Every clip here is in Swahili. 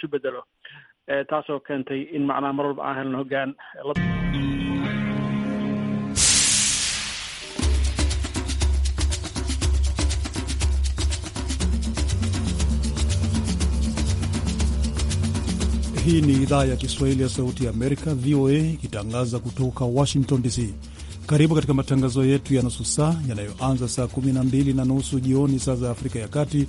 isu bedelo taasoo keentay in macnaha mar walba aan helno hogaan Hii ni idhaa ya Kiswahili ya Sauti ya Amerika, VOA, ikitangaza kutoka Washington DC. Karibu katika matangazo yetu ya nusu saa yanayoanza saa 12 na nusu jioni saa za Afrika ya Kati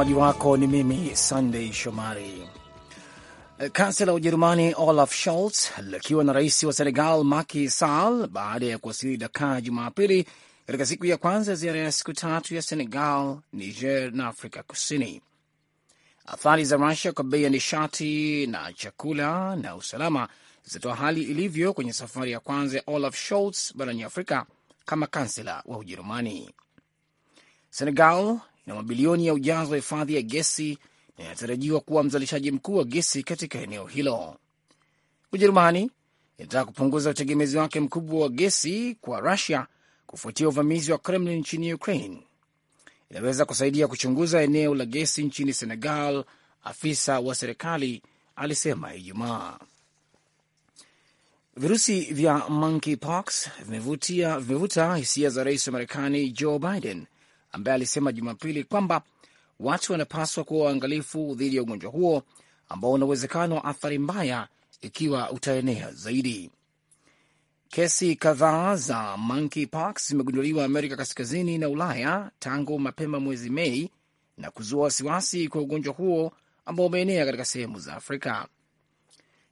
msomaji wako ni mimi Sandey Shomari. Kansela wa Ujerumani Olaf Scholz akiwa na rais wa Senegal Macky Sall baada ya kuwasili Dakar Jumapili katika siku ya kwanza ziara ya siku tatu ya Senegal, Niger na Afrika Kusini. Athari za Rusia kwa bei ya nishati na chakula na usalama zitatoa hali ilivyo kwenye safari ya kwanza ya Olaf Scholz barani Afrika kama kansela wa Ujerumani. Senegal na mabilioni ya ujazo wa hifadhi ya gesi na inatarajiwa kuwa mzalishaji mkuu wa gesi katika eneo hilo. Ujerumani inataka kupunguza utegemezi wake mkubwa wa gesi kwa Rusia kufuatia uvamizi wa Kremlin nchini Ukraine. Inaweza kusaidia kuchunguza eneo la gesi nchini Senegal, afisa wa serikali alisema Ijumaa. Virusi vya monkeypox vimevuta hisia za rais wa Marekani Joe Biden ambaye alisema Jumapili kwamba watu wanapaswa kuwa waangalifu dhidi ya ugonjwa huo ambao una uwezekano wa athari mbaya ikiwa utaenea zaidi. Kesi kadhaa za monkeypox zimegunduliwa Amerika Kaskazini na Ulaya tangu mapema mwezi Mei na kuzua wasiwasi kwa ugonjwa huo ambao umeenea katika sehemu za Afrika.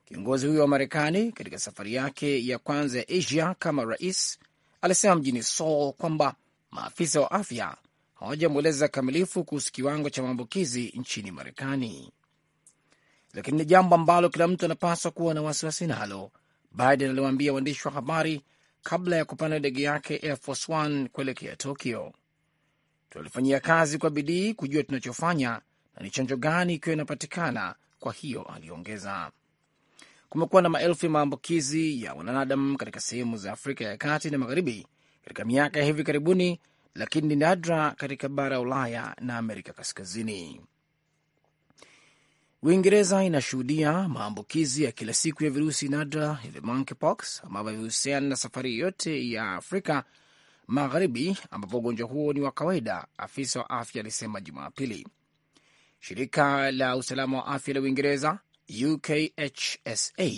Kiongozi huyo wa Marekani katika safari yake ya kwanza ya Asia kama rais alisema mjini Seoul kwamba maafisa wa afya hawajamweleza kamilifu kuhusu kiwango cha maambukizi nchini Marekani, lakini ni jambo ambalo kila mtu anapaswa kuwa na wasiwasi nalo, Biden aliwaambia waandishi wa habari kabla ya kupanda ndege yake Air Force One kuelekea Tokyo. Tunalifanyia kazi kwa bidii kujua tunachofanya na ni chanjo gani ikiwa inapatikana. Kwa hiyo aliongeza, kumekuwa na maelfu ya maambukizi ya wanadamu katika sehemu za Afrika ya kati na magharibi katika miaka ya hivi karibuni, lakini ni nadra katika bara ya Ulaya na Amerika Kaskazini. Uingereza inashuhudia maambukizi ya kila siku ya virusi nadra vya monkeypox ambavyo vihusiana na safari yote ya Afrika Magharibi, ambapo ugonjwa huo ni wa kawaida, afisa wa afya alisema Jumapili. Shirika la usalama wa afya la Uingereza, UKHSA,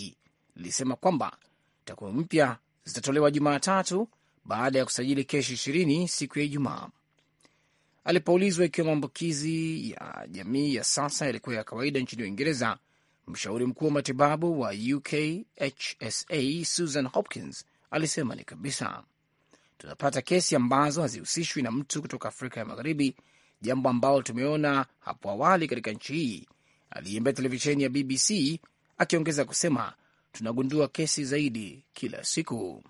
lilisema kwamba takwimu mpya zitatolewa Jumatatu baada ya kusajili kesi ishirini siku ya Ijumaa. Alipoulizwa ikiwa maambukizi ya jamii ya sasa yalikuwa ya kawaida nchini Uingereza, mshauri mkuu wa matibabu wa UKHSA Susan Hopkins alisema ni kabisa, tunapata kesi ambazo hazihusishwi na mtu kutoka Afrika ya Magharibi, jambo ambalo tumeona hapo awali katika nchi hii, aliiambia televisheni ya BBC akiongeza kusema, tunagundua kesi zaidi kila siku.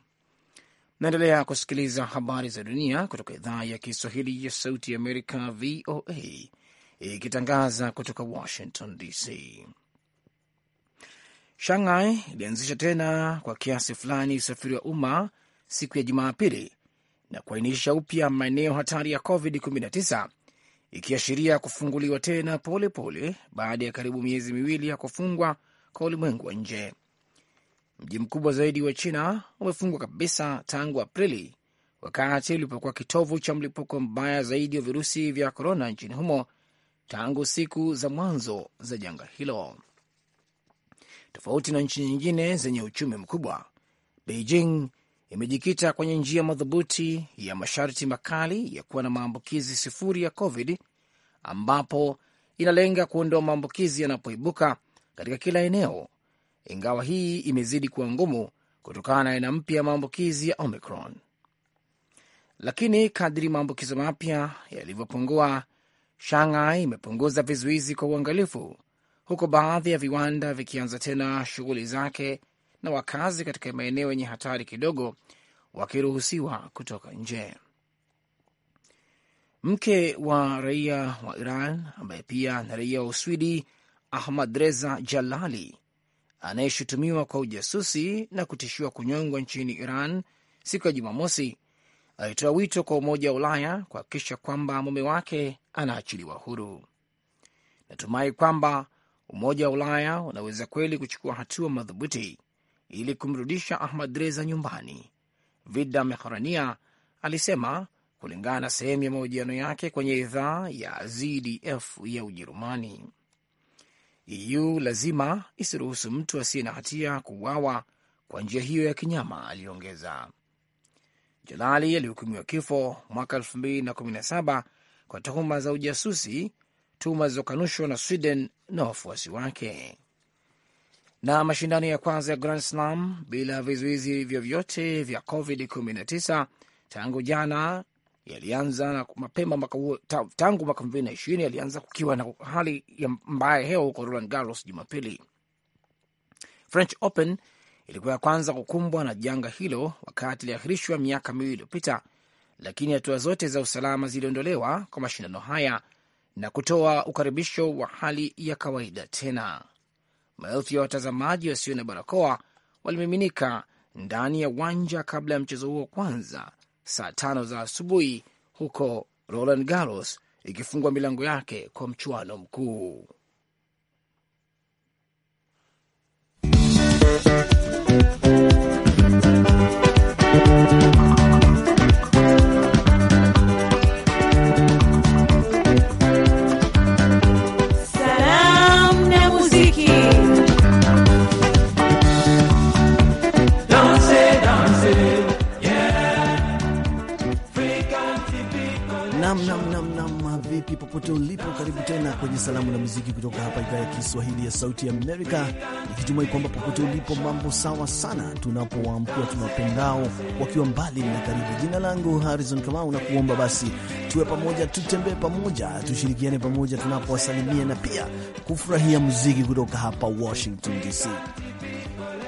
Naendelea kusikiliza habari za dunia kutoka idhaa ya Kiswahili ya Sauti ya Amerika, VOA, ikitangaza kutoka Washington DC. Shanghai ilianzisha tena kwa kiasi fulani usafiri wa umma siku ya Jumapili na kuainisha upya maeneo hatari ya COVID-19, ikiashiria kufunguliwa tena polepole pole, baada ya karibu miezi miwili ya kufungwa kwa ulimwengu wa nje. Mji mkubwa zaidi wa China umefungwa kabisa tangu Aprili, wakati ulipokuwa kitovu cha mlipuko mbaya zaidi wa virusi vya korona nchini humo tangu siku za mwanzo za janga hilo. Tofauti na nchi nyingine zenye uchumi mkubwa, Beijing imejikita kwenye njia madhubuti ya masharti makali ya kuwa na maambukizi sifuri ya COVID, ambapo inalenga kuondoa maambukizi yanapoibuka katika kila eneo ingawa hii imezidi kuwa ngumu kutokana na aina mpya ya maambukizi ya Omicron. Lakini kadri maambukizo mapya yalivyopungua, Shanghai imepunguza vizuizi kwa uangalifu, huku baadhi ya viwanda vikianza tena shughuli zake na wakazi katika maeneo yenye hatari kidogo wakiruhusiwa kutoka nje. Mke wa raia wa Iran ambaye pia na raia wa Uswidi, Ahmad Reza Jalali anayeshutumiwa kwa ujasusi na kutishiwa kunyongwa nchini Iran siku ya Jumamosi alitoa wito kwa Umoja wa Ulaya kuhakikisha kwamba mume wake anaachiliwa huru. Natumai kwamba Umoja wa Ulaya unaweza kweli kuchukua hatua madhubuti ili kumrudisha Ahmad Reza nyumbani, Vida Mehrania alisema kulingana na sehemu ya mahojiano yake kwenye idhaa ya ZDF ya Ujerumani. EU lazima isiruhusu mtu asiye na hatia kuuawa kwa njia hiyo ya kinyama, aliongeza. Jalali alihukumiwa kifo mwaka 2017 kwa tuhuma za ujasusi, tuhuma zilizokanushwa na Sweden na wafuasi wake. Na mashindano ya kwanza ya Grand Slam bila vizuizi vyovyote vya COVID-19 tangu jana yalianza mapema mwaka huo. Tangu mwaka elfu mbili na ishirini yalianza kukiwa na hali ya mbaya hewa huko Roland Garros. Jumapili, French Open ilikuwa ya kwanza kukumbwa na janga hilo, wakati iliahirishwa miaka miwili iliyopita, lakini hatua zote za usalama ziliondolewa kwa mashindano haya na kutoa ukaribisho wa hali ya kawaida tena. Maelfu ya watazamaji wasio na barakoa walimiminika ndani ya uwanja kabla ya mchezo huo kwanza saa tano za asubuhi huko Roland Garros, ikifungwa milango yake kwa mchuano mkuu. vipi popote ulipo, karibu tena kwenye salamu na muziki kutoka hapa idhaa ya Kiswahili ya Sauti ya Amerika, nikitumai kwamba popote ulipo mambo sawa sana, tunapowaamkia tunapendao wakiwa mbali na karibu. Jina langu Harrison Kamau, na kuomba basi tuwe pamoja, tutembee pamoja, tushirikiane pamoja tunapowasalimia na pia kufurahia muziki kutoka hapa Washington DC.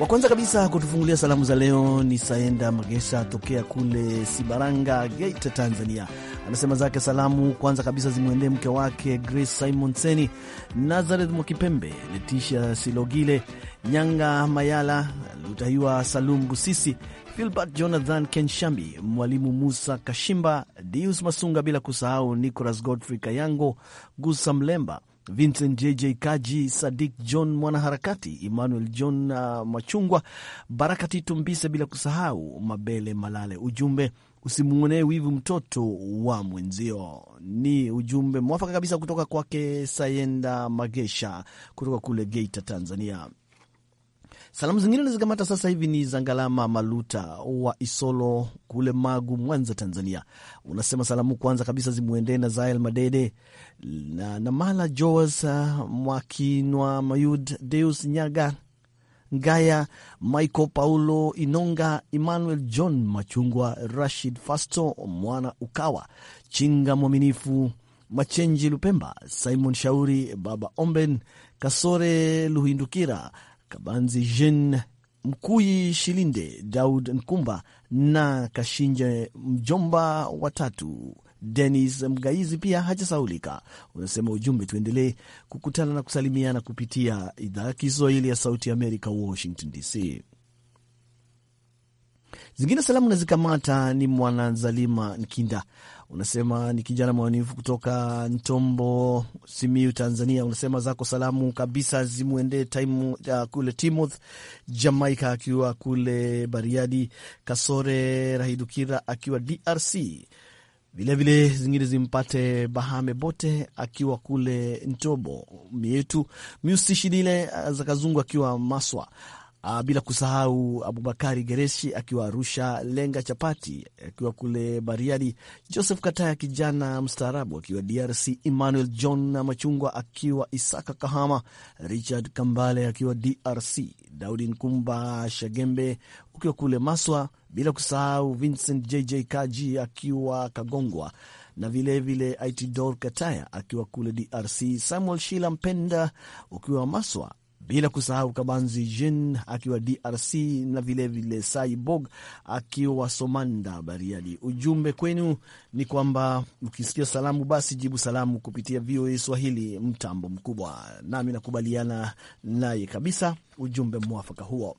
Wa kwanza kabisa kutufungulia salamu za leo ni Saenda Magesha tokea kule Sibaranga, Geita, Tanzania anasema zake salamu kwanza kabisa zimwendee mke wake Grace Simon Seni, Nazareth Mwakipembe, Letisha Silogile, Nyanga Mayala, Lutahiwa Salum Gusisi, Filbert Jonathan Kenshambi, Mwalimu Musa Kashimba, Dius Masunga, bila kusahau Nicolas Godfrey Kayango, Gusa Mlemba, Vincent JJ Kaji, Sadik John mwanaharakati, Emmanuel John uh, Machungwa, Baraka Titumbise, bila kusahau Mabele Malale. Ujumbe usimwonee wivu mtoto wa mwenzio. Ni ujumbe mwafaka kabisa kutoka kwake Sayenda Magesha kutoka kule Geita, Tanzania. Salamu zingine nazikamata sasa hivi ni zangalama Maluta wa Isolo kule Magu, Mwanza, Tanzania. Unasema salamu kwanza kabisa zimwendee na Zael Madede na Namala Joas uh, Mwakinwa Mayud Deus Nyaga Ngaya, Michael Paulo Inonga, Emmanuel John Machungwa, Rashid Fasto Mwana Ukawa, Chinga Mwaminifu, Machenji Lupemba, Simon Shauri, Baba Omben, Kasore Luhindukira, Kabanzi Jean Mkuyi Shilinde, Daud Nkumba na Kashinje Mjomba watatu Denis Mgaizi pia hajasaulika, unasema ujumbe, tuendelee kukutana na kusalimiana kupitia idhaa ya Kiswahili ya Sauti ya Amerika, Washington DC. Zingine salamu nazikamata ni Mwananzalima Nkinda, unasema ni kijana mwaminifu kutoka Ntombo, Simiu, Tanzania. Unasema zako salamu kabisa zimwendee uh, kule Timoth Jamaica akiwa kule Bariadi, Kasore Rahidukira akiwa DRC, vilevile zingine zimpate Bahame Bote akiwa kule Ntobo Mietu, Miusi zakazungu akiwa Maswa, Uh, bila kusahau Abubakari Gereshi akiwa Arusha, Lenga Chapati akiwa kule Bariadi, Joseph Kataya kijana mstaarabu akiwa DRC, Emmanuel John na Machungwa akiwa Isaka Kahama, Richard Kambale akiwa DRC, Daudi Nkumba Shagembe ukiwa kule Maswa, bila kusahau Vincent JJ Kaji akiwa Kagongwa na vilevile itdor Kataya akiwa kule DRC, Samuel Shila Mpenda ukiwa Maswa, bila kusahau Kabanzi Jean akiwa DRC na vilevile Saibog akiwa Somanda, Bariadi. Ujumbe kwenu ni kwamba mkisikia salamu, basi jibu salamu kupitia VOA Swahili, mtambo mkubwa. Nami nakubaliana naye kabisa, ujumbe mwafaka huo.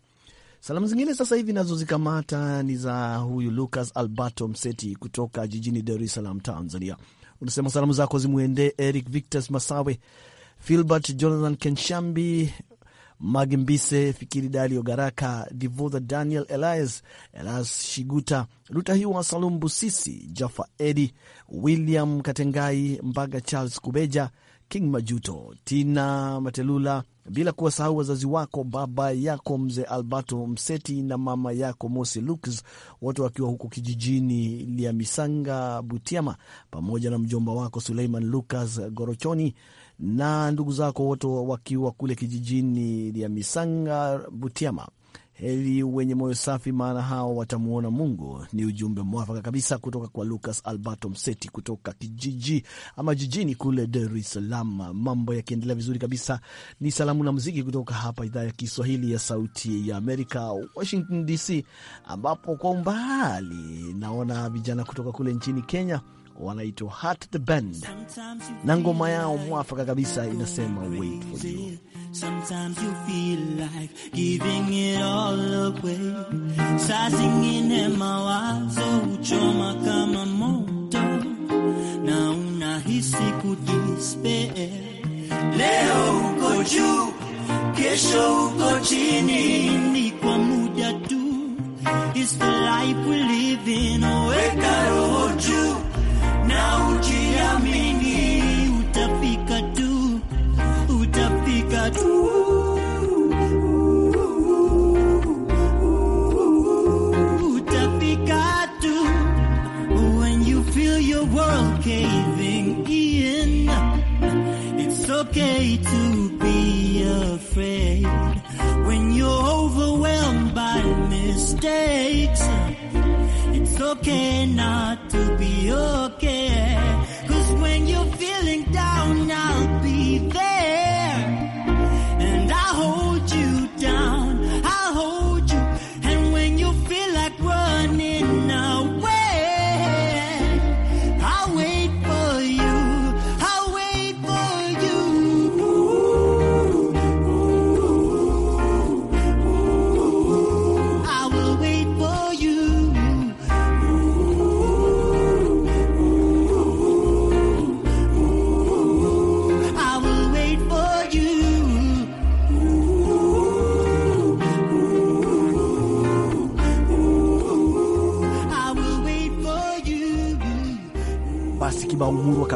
Salamu zingine sasa hivi nazozikamata ni za huyu Lucas Alberto Mseti kutoka jijini Dar es Salaam, Tanzania. Unasema salamu zako zimwendee Eric Victos Masawe, Filbert Jonathan Kenshambi, Magimbise Fikiri, Dalio Garaka, Divodha Daniel Elias, Elas Shiguta, Lutahiwa Salum Busisi, Jaffa Edi, William Katengai, Mbaga Charles Kubeja, King Majuto, Tina Matelula, bila kuwasahau wazazi wako, baba yako mzee Alberto Mseti na mama yako Mosi luks wote wakiwa huko kijijini Liamisanga, Butiama, pamoja na mjomba wako Suleiman Lucas Gorochoni na ndugu zako wote wakiwa kule kijijini ya Misanga Butiama. Heri wenye moyo safi, maana hao watamwona Mungu. Ni ujumbe mwafaka kabisa kutoka kwa Lucas Alberto Mseti kutoka kijiji ama jijini kule Dar es Salaam. Mambo yakiendelea vizuri kabisa, ni salamu na muziki kutoka hapa idhaa ya Kiswahili ya Sauti ya Amerika, Washington DC, ambapo kwa umbali naona vijana kutoka kule nchini Kenya wanaitwa Heart the Band na ngoma yao mwafaka kabisa inasema wait for you. Sometimes you feel like giving it all away. Saa zingine mawazo uchoma kama moto na unahisi kudispea. Leo uko juu, kesho uko chini, ni kwa muda tu. It's the life we live in, weka roho juu na ujiamini, utafika tu, utafika tu. Utafika tu. When you feel your world caving in, it's okay to be afraid. When you're overwhelmed by mistakes, it's okay not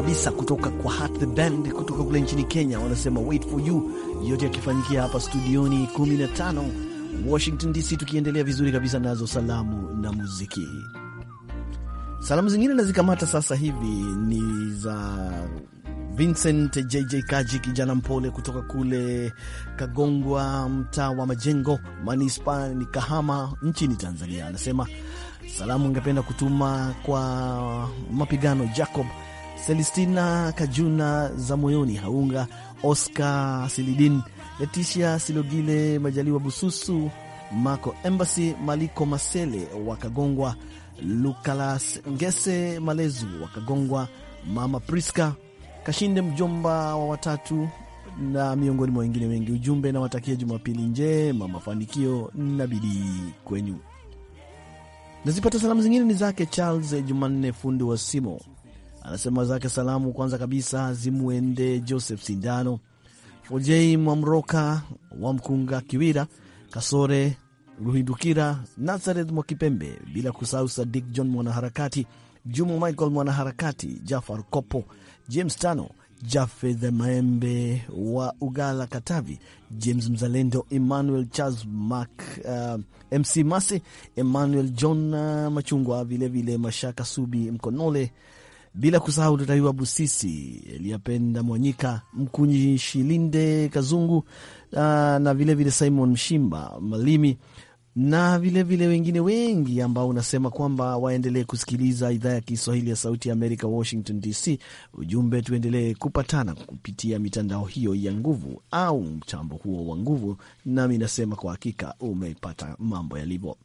kabisa kutoka kwa Heart the Band kutoka kule nchini Kenya, wanasema wait for you. Yote yakifanyikia hapa studioni 15 Washington DC, tukiendelea vizuri kabisa nazo salamu na muziki. Salamu zingine nazikamata sasa hivi ni za Vincent JJ Kaji, kijana mpole kutoka kule Kagongwa, mtaa wa Majengo, manispa ni Kahama, nchini Tanzania. Anasema salamu ngependa kutuma kwa mapigano Jacob Celestina Kajuna za moyoni Haunga, Oscar Silidin, Leticia Silogile, Majaliwa Bususu, Marco Embassy, Maliko Masele Wakagongwa, Lukalas Ngese Malezu Wakagongwa, Mama Priska Kashinde, mjomba wa watatu na miongoni mwa wengine wengi. Ujumbe na watakia Jumapili njema, mafanikio na bidii kwenyu. Nazipata salamu zingine ni zake Charles Jumanne, fundi wa Simo anasema zake salamu kwanza kabisa zimwende Joseph Sindano, Fojei Mwamroka wa Mkunga, Kiwira Kasore Ruhindukira, Nazareth Mwakipembe, bila kusahau Sadik John mwanaharakati, Jumu Michael mwanaharakati, Jafar Kopo, James Tano, Jafeth Maembe wa Ugala, Katavi, James Mzalendo, Emmanuel Charles Mac, uh, MC Masi, Emmanuel John uh, Machungwa, vilevile vile Mashaka Subi Mkonole bila kusahau tutaiwa Busisi, Eliapenda Mwanyika, Mkunyi Shilinde Kazungu ah, na vilevile vile Simon Mshimba Malimi na vilevile vile wengine wengi ambao unasema kwamba waendelee kusikiliza idhaa ya Kiswahili ya Sauti ya Amerika, Washington DC. Ujumbe, tuendelee kupatana kupitia mitandao hiyo ya nguvu au mtambo huo wa nguvu, nami nasema kwa hakika umepata mambo yalivyo.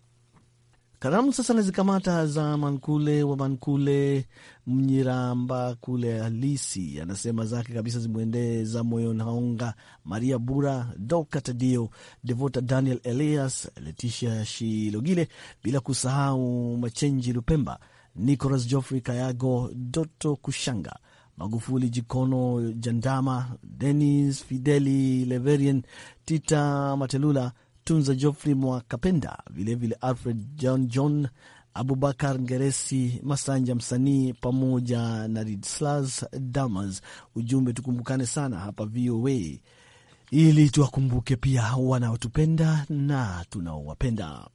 Karamu sasa nazikamata za Mankule wa Mankule Mnyiramba kule halisi, anasema zake kabisa zimwendee za Moyo Naonga, Maria Bura, Doka Tadio, Devota Daniel Elias, Leticia Shilogile, bila kusahau Machenji Lupemba, Nicolas Geoffrey Kayago, Doto Kushanga, Magufuli Jikono, Jandama Denis Fideli, Leverian Tita Matelula, Tunza Geoffrey Mwakapenda, vilevile Alfred John John Abubakar Ngeresi Masanja msanii pamoja na Ridslas Damas. Ujumbe, tukumbukane sana hapa VOA ili tuwakumbuke pia wanaotupenda na tunaowapenda.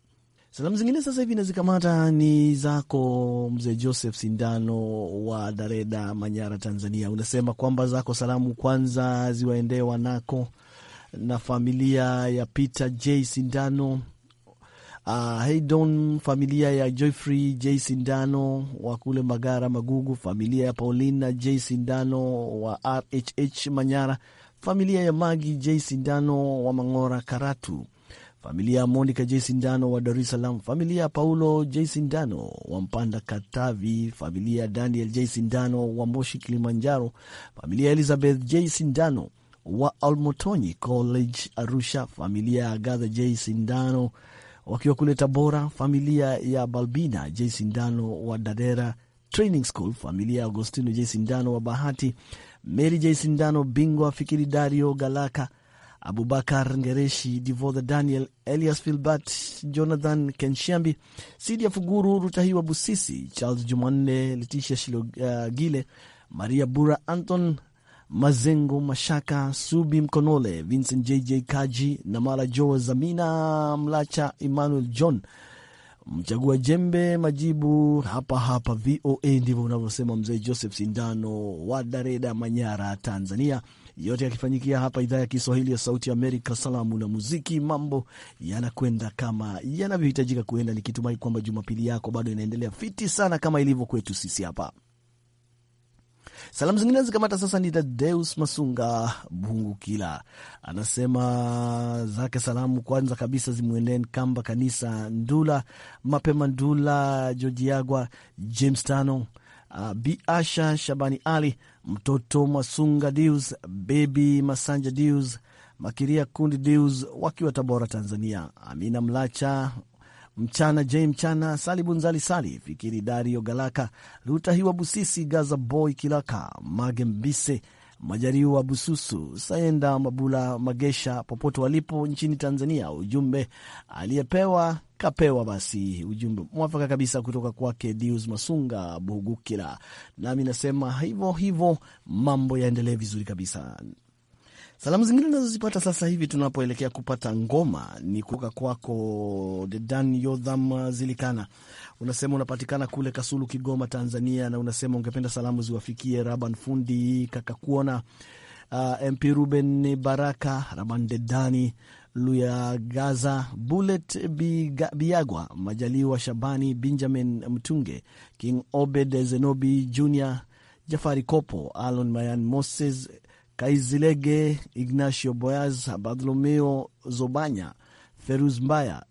Salamu zingine sasa hivi nazikamata ni zako mzee Joseph Sindano wa Dareda, Manyara, Tanzania. Unasema kwamba zako salamu kwanza ziwaendee wanako na familia ya Peter J Sindano, uh, ah, Haydon, familia ya Joyfrey J Sindano wa kule Magara Magugu, familia ya Paulina J Sindano wa RHH Manyara, familia ya Magi J Sindano wa Mang'ora Karatu, familia ya Monica J Sindano wa Dar es Salaam, familia ya Paulo J Sindano wa Mpanda Katavi, familia ya Daniel J Sindano wa Moshi Kilimanjaro, familia ya Elizabeth J Sindano wa almotonyi College Arusha, familia ya gadha J Sindano wakiwa kule Tabora, familia ya Balbina J Sindano wa Dadera Training School, familia ya Agostino J Sindano wa Bahati, Mary J Sindano Bingwa, Fikiri Dario Galaka, Abubakar Ngereshi, Divotha Daniel, Elias Filbert, Jonathan Kenshambi, Sidia Fuguru, Rutahiwa Busisi, Charles Jumanne, Letisha Shilogile, uh, Maria Bura, Anton Mazengo Mashaka, Subi Mkonole, Vincent JJ Kaji na Mara Jo Zamina Mlacha, Emmanuel John Mchagua Jembe majibu hapa hapa VOA. Ndivyo unavyosema mzee Joseph Sindano wa Dareda, Manyara, Tanzania. Yote yakifanyikia hapa idhaa ya Kiswahili ya Sauti Amerika. Salamu na muziki, mambo yanakwenda kama yanavyohitajika kuenda, nikitumai kwamba jumapili yako bado inaendelea fiti sana kama ilivyo kwetu sisi hapa Salamu zingine zikamata sasa. Ni Tadeus Masunga kila anasema zake salamu kwanza kabisa zimwendeni Kamba Kanisa Ndula Mapema Ndula Jojiagwa James Tano Uh, Bi Asha Shabani Ali mtoto Masunga Deus Bebi Masanja Deus Makiria Kundi Deus wakiwa Tabora, Tanzania. Amina Mlacha Mchana J Mchana, Sali Bunzali, Sali Fikiri, Dario Galaka, Lutahiwa Busisi, Gaza Boy Kilaka, Mage Mbise, Majariwa Bususu, Saenda Mabula Magesha, popote walipo nchini Tanzania. Ujumbe aliyepewa kapewa basi. Ujumbe mwafaka kabisa kutoka kwake Dius Masunga Buhugukira, nami nasema hivyo hivyo, mambo yaendelee vizuri kabisa. Salamu zingine nazozipata sasa hivi tunapoelekea kupata ngoma ni kutoka kwako Dedan Yodham Zilikana. Unasema unapatikana kule Kasulu, Kigoma, Tanzania, na unasema ungependa salamu ziwafikie Raban Fundi, kaka kuona uh, MP Ruben Baraka, Raban Dedani Luya Gaza, Bullet Biagwa, Majaliwa Shabani, Benjamin Mtunge, King Obed Zenobi Jr, Jafari Kopo, Alon Mayan Moses Kaizilege Ignacio Boyaz, Bartholomeo Zobanya, Feruz Mbaya,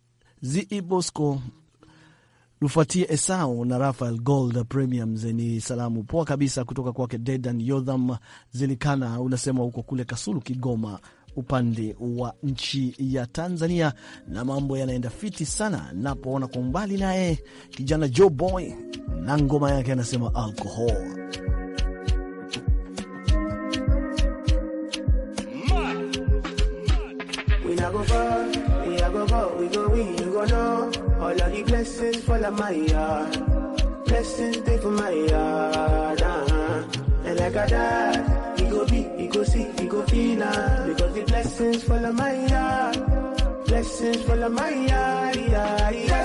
Zi Bosco Lufuatie Esau na Rafael Gold Premium. Ni salamu poa kabisa kutoka kwake Dedan Yodham Zilikana, unasema huko kule Kasulu, Kigoma, upande wa nchi ya Tanzania, na mambo yanaenda fiti sana. Napoona kwa umbali naye kijana Joe Boy na ngoma yake anasema alcohol I go far, we I go far, we go win, you go know. All of the blessings fall on my yard. Blessings they for my yard, uh-huh. And like a dad, he go be, we go see, he go feel, uh, because the blessings fall on my yard. Blessings fall on my yard, yeah, yeah.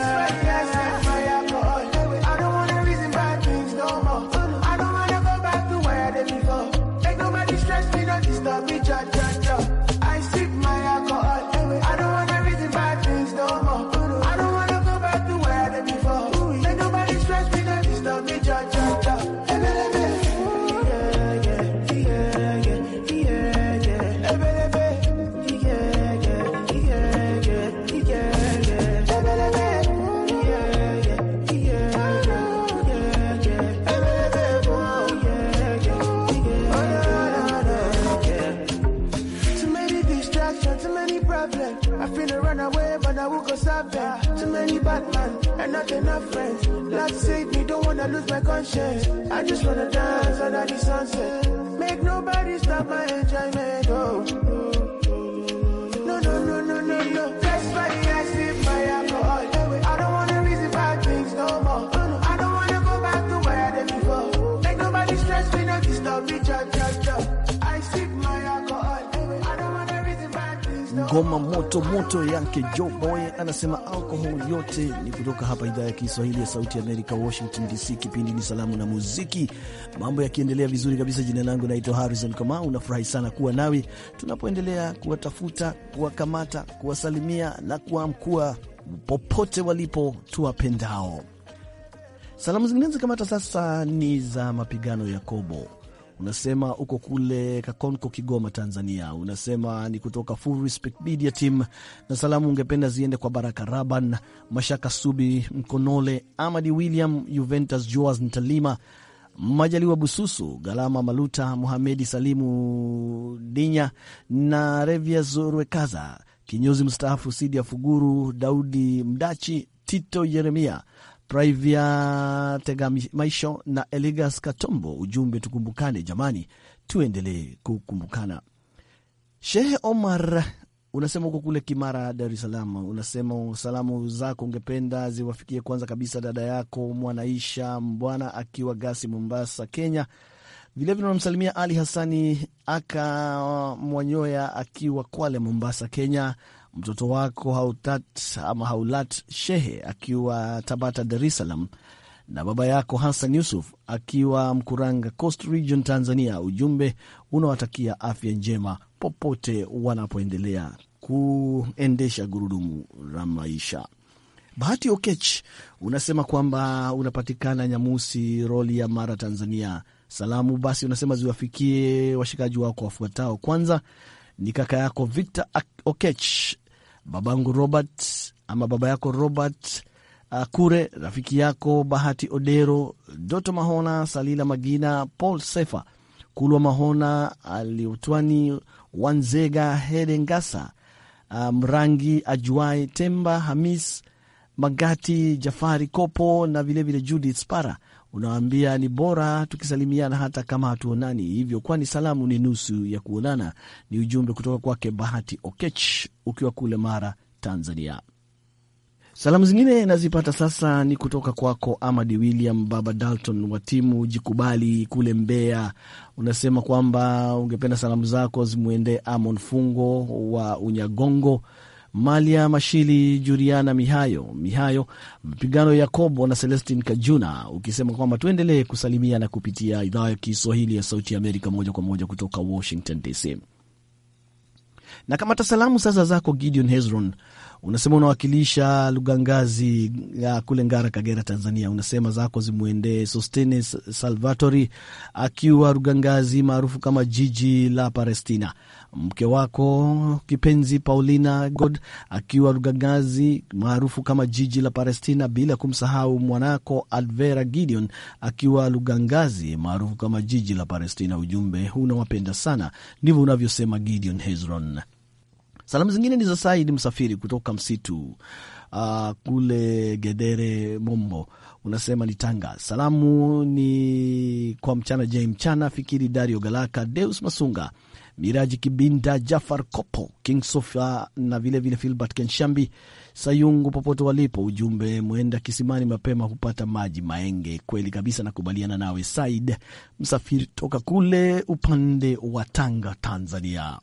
happen. Too many bad men and not enough friends. Life save me, don't wanna lose my conscience. I just wanna dance under the sunset. Make nobody stop my enjoyment. Oh. ngoma moto moto yake Jo Boy anasema alkohol yote ni kutoka hapa idhaa ya Kiswahili ya Sauti ya Amerika, Washington DC. Kipindi ni Salamu na Muziki, mambo yakiendelea vizuri kabisa. Jina langu naitwa Harrison Kamau, nafurahi sana kuwa nawe tunapoendelea kuwatafuta, kuwakamata, kuwasalimia na kuwamkua popote walipo tuwapendao. Salamu zingine zikamata sasa ni za mapigano Yakobo unasema uko kule Kakonko, Kigoma, Tanzania. Unasema ni kutoka Full Respect Media Team, na salamu ungependa ziende kwa Baraka Raban, Mashaka Subi, Mkonole, Amadi William, Juventus Joas, Ntalima Majaliwa Bususu, Galama Maluta, Muhamedi Salimu Dinya na Revia Zorwekaza, kinyozi mstaafu Sidia Fuguru, Daudi Mdachi, Tito Yeremia Praivia Tegamaisho na Eligas Katombo. Ujumbe tukumbukane jamani, tuendelee kukumbukana. Shehe Omar unasema huko kule Kimara, Dar es Salaam, unasema salamu zako ungependa ziwafikie kwanza kabisa dada yako Mwanaisha Mbwana akiwa Gasi, Mombasa, Kenya. Vilevile unamsalimia Ali Hasani aka Mwanyoya akiwa Kwale, Mombasa, Kenya mtoto wako Hautat ama Haulat Shehe akiwa Tabata, Dar es Salaam, na baba yako Hassan Yusuf akiwa Mkuranga, Coast Region, Tanzania. Ujumbe unawatakia afya njema popote wanapoendelea kuendesha gurudumu la maisha. Bahati Okech unasema kwamba unapatikana Nyamusi roli ya Mara, Tanzania. Salamu basi unasema ziwafikie washikaji wako wafuatao. Kwanza ni kaka yako Victor Okech babangu Robert ama baba yako Robert uh, Kure, rafiki yako Bahati Odero, Doto Mahona, Salila Magina, Paul Sefa, Kulwa Mahona, Aliutwani Wanzega, Hede Ngasa, Mrangi um, Ajuai, Temba Hamis Magati, Jafari Kopo na vilevile Judith Spara Unawaambia ni bora tukisalimiana hata kama hatuonani hivyo, kwani salamu ni nusu ya kuonana. Ni ujumbe kutoka kwake Bahati Okech ukiwa kule Mara, Tanzania. Salamu zingine nazipata sasa ni kutoka kwako Amadi William baba Dalton wa timu Jikubali kule Mbeya. Unasema kwamba ungependa salamu zako zimwendee Amon Fungo wa Unyagongo, Malia Mashili, juriana Mihayo Mihayo, Mapigano Yakobo na Celestin Kajuna, ukisema kwamba tuendelee kusalimiana kupitia idhaa ya Kiswahili ya Sauti ya Amerika moja kwa moja kutoka Washington DC. Na kamata salamu sasa zako Gideon Hezron, unasema unawakilisha Lugangazi ya kule Ngara, Kagera, Tanzania. Unasema zako zimwendee Sostenes Salvatori akiwa Lugangazi maarufu kama jiji la Palestina mke wako kipenzi Paulina God akiwa Rugagazi maarufu kama jiji la Palestina, bila kumsahau mwanako Advera Gideon akiwa Lugangazi maarufu kama jiji la Palestina. Ujumbe huu unawapenda sana, ndivyo unavyosema Gideon Hezron. Salamu zingine ni za Said Msafiri kutoka msitu uh, kule Gedere Mombo, unasema ni Tanga. Salamu ni kwa mchana Jei, mchana fikiri Dario Galaka, Deus Masunga Miraji Kibinda, Jafar Kopo, King Sofa na vilevile Filbert Kenshambi Sayungu popote walipo. Ujumbe, mwenda kisimani mapema kupata maji maenge. Kweli kabisa, nakubaliana nawe Said Msafiri toka kule upande wa Tanga, Tanzania.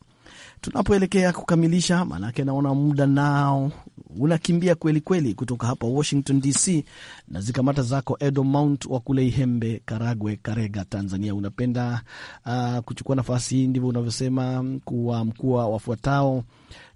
Tunapoelekea kukamilisha, maanake naona muda nao unakimbia kweli kweli kutoka hapa Washington DC na zikamata zako Edo Mount wa kule Ihembe, Karagwe, Karega, Tanzania. Unapenda uh, kuchukua nafasi hii, ndivyo unavyosema kuwa mkuu. Wafuatao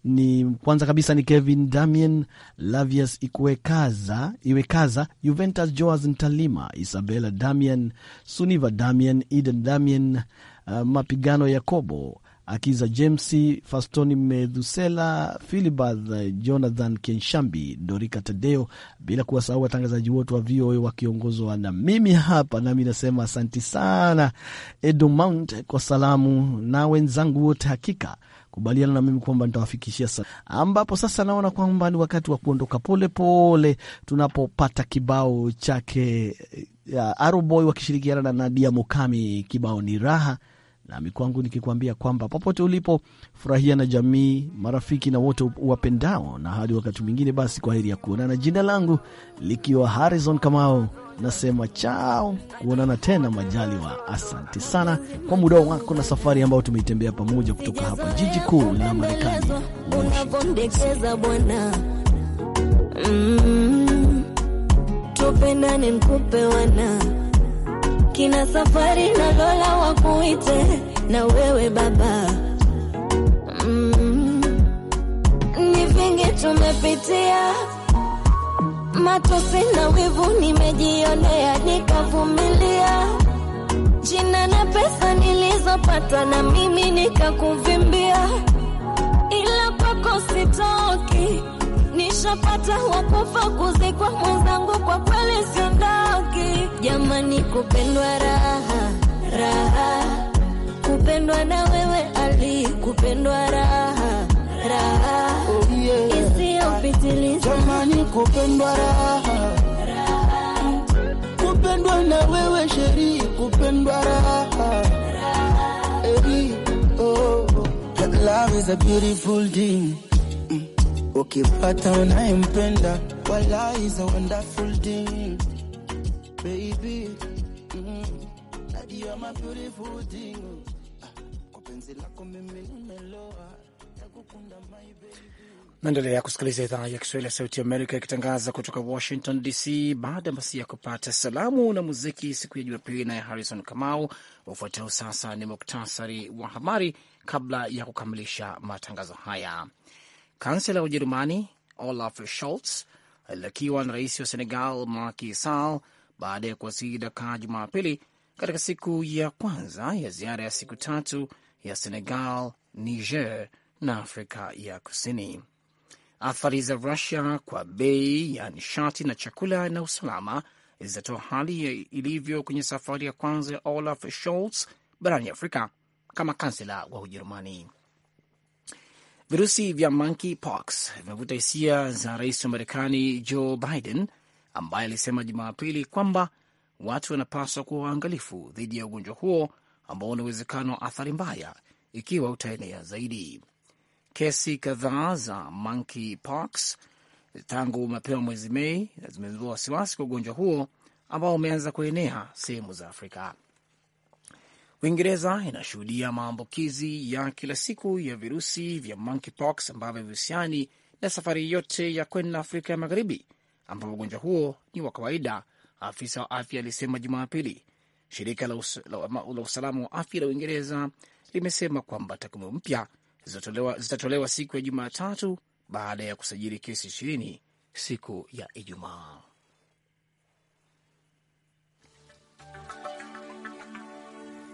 ni kwanza kabisa ni Kevin Damien, Lavius Ikwekaza, Iwekaza, Juventus Joas Ntalima, Isabella Damien, Suniva Damien, Eden Damien, uh, ah, Mapigano Yakobo Akiza James, Fastoni Medhusela, Filibath Jonathan Kenshambi, Dorika Tadeo, bila kuwasahau watangazaji wote wa VOA wakiongozwa na mimi hapa. Nami nasema asanti sana Edumount kwa salamu na wenzangu wote, hakika kubaliana na mimi kwamba nitawafikishia sa, ambapo sasa naona kwamba ni wakati wa kuondoka polepole, tunapopata kibao chake Aroboy wakishirikiana na Nadia Mukami. Kibao ni raha nami kwangu nikikwambia kwamba popote ulipo, furahia na jamii, marafiki na wote wapendao, na hadi wakati mwingine, basi kwa heri ya kuonana. Jina langu likiwa Harrison Kamao, nasema chao, kuonana tena majaliwa. Asante sana kwa muda wako na safari ambayo tumeitembea pamoja kutoka hapa jiji kuu la Marekani. Mm, tupendane mkupe wana kina safari na Lola wakuite na wewe baba mm. Ni vingi tumepitia, matosi na wivu nimejionea, nikavumilia. Jina na pesa nilizopata na mimi nikakuvimbia, ila kwako sitoki nishapata wakufa kuzikwa mwenzangu, kwa kweli siondoki jamani, kupendwa raha raha, kupendwa na wewe Ali, kupendwa raha raha isiyopitiliza jamani, kupendwa raha raha, kupendwa na wewe Sheri, kupendwa raha raha, oh, oh. love is a beautiful thing ukipata unayempenda, is a wonderful thing baby, nadia mm-hmm. my beautiful thing, ah, kwa penzi lako mimi nimeloa, nakukunda my baby naendelea kusikiliza idhaa ya Kiswahili ya Sauti Amerika ikitangaza kutoka Washington DC. Baada basi ya kupata salamu na muziki siku ya Jumapili naye Harrison Kamau. Ufuatao sasa ni muktasari wa habari kabla ya kukamilisha matangazo haya. Kansela wa Ujerumani Olaf Scholz alilakiwa na rais wa Senegal Macky Sall baada ya kuwasili Dakar Jumapili, katika siku ya kwanza ya ziara ya siku tatu ya Senegal, Niger na Afrika ya Kusini. Athari za Rusia kwa bei ya nishati na chakula na usalama zitatoa hali ilivyo kwenye safari ya kwanza ya Olaf Scholz barani Afrika kama kansela wa Ujerumani. Virusi vya monkeypox vimevuta hisia za rais wa Marekani Joe Biden ambaye alisema Jumapili kwamba watu wanapaswa kuwa waangalifu dhidi ya ugonjwa huo ambao una uwezekano wa athari mbaya ikiwa utaenea zaidi. Kesi kadhaa za monkeypox tangu mapema mwezi Mei zimezua wasiwasi kwa ugonjwa huo ambao umeanza kuenea sehemu za Afrika. Uingereza inashuhudia maambukizi ya kila siku ya virusi vya monkeypox ambavyo vihusiani na safari yote ya kwenda Afrika ya Magharibi, ambapo ugonjwa huo ni wa kawaida, afisa wa afya alisema Jumapili. Shirika la, us la, la usalama wa afya la Uingereza limesema kwamba takwimu mpya zitatolewa siku ya Jumatatu baada ya kusajili kesi ishirini siku ya Ijumaa.